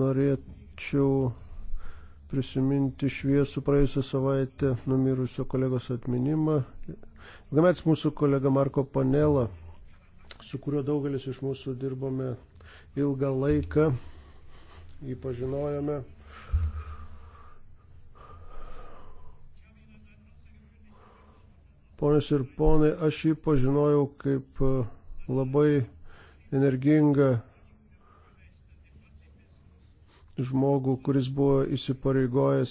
Norėčiau prisiminti šviesų praėjusią savaitę numirusio kolegos atminimą. Ilgamets mūsų kolega Marko Panela, su kuriuo daugelis iš mūsų dirbome ilgą laiką, jį pažinojome. Ponios ir ponai, aš jį pažinojau kaip labai energingą žmogų, kuris buvo įsipareigojęs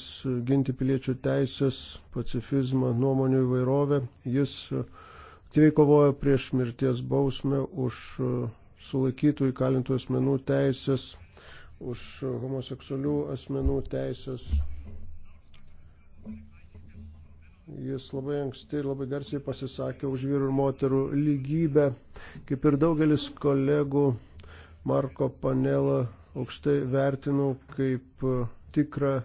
ginti piliečių teisės, pacifizmą, nuomonių įvairovę. Jis e, aktyviai kovojo prieš mirties bausmę už e, sulaikytų įkalintų asmenų teisės, už homoseksualių asmenų teisės. Jis labai anksti ir labai garsiai pasisakė už vyrų ir moterų lygybę, kaip ir daugelis kolegų Marko Panela aukštai vertinau kaip e, tikrą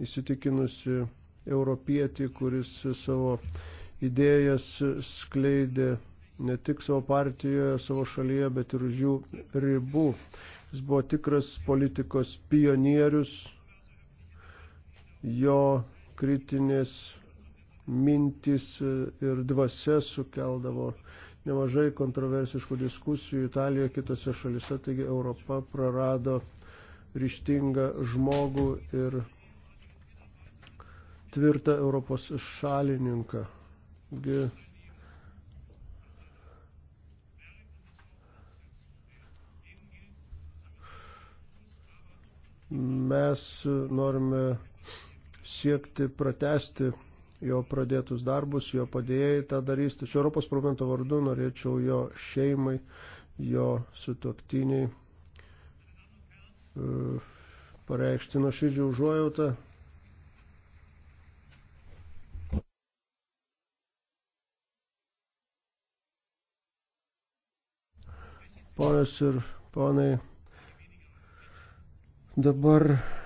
įsitikinusi europietį, kuris savo idėjas skleidė ne tik savo partijoje, savo šalyje, bet ir už jų ribų. Jis buvo tikras politikos pionierius, jo kritinės mintis ir dvasia sukeldavo uh, nemažai kontroversiškų diskusijų Italijoje, kitose šalise, taigi Europa prarado ryštingą žmogų ir tvirtą Europos šalininką. Taigi, mes norime siekti pratesti jo pradėtus darbus, jo padėjėjai tą darys. Tačiau Europos parlamento vardu norėčiau jo šeimai, jo sutoktiniai uh, pareikšti nuoširdžią užuojautą. Ponios ir ponai, dabar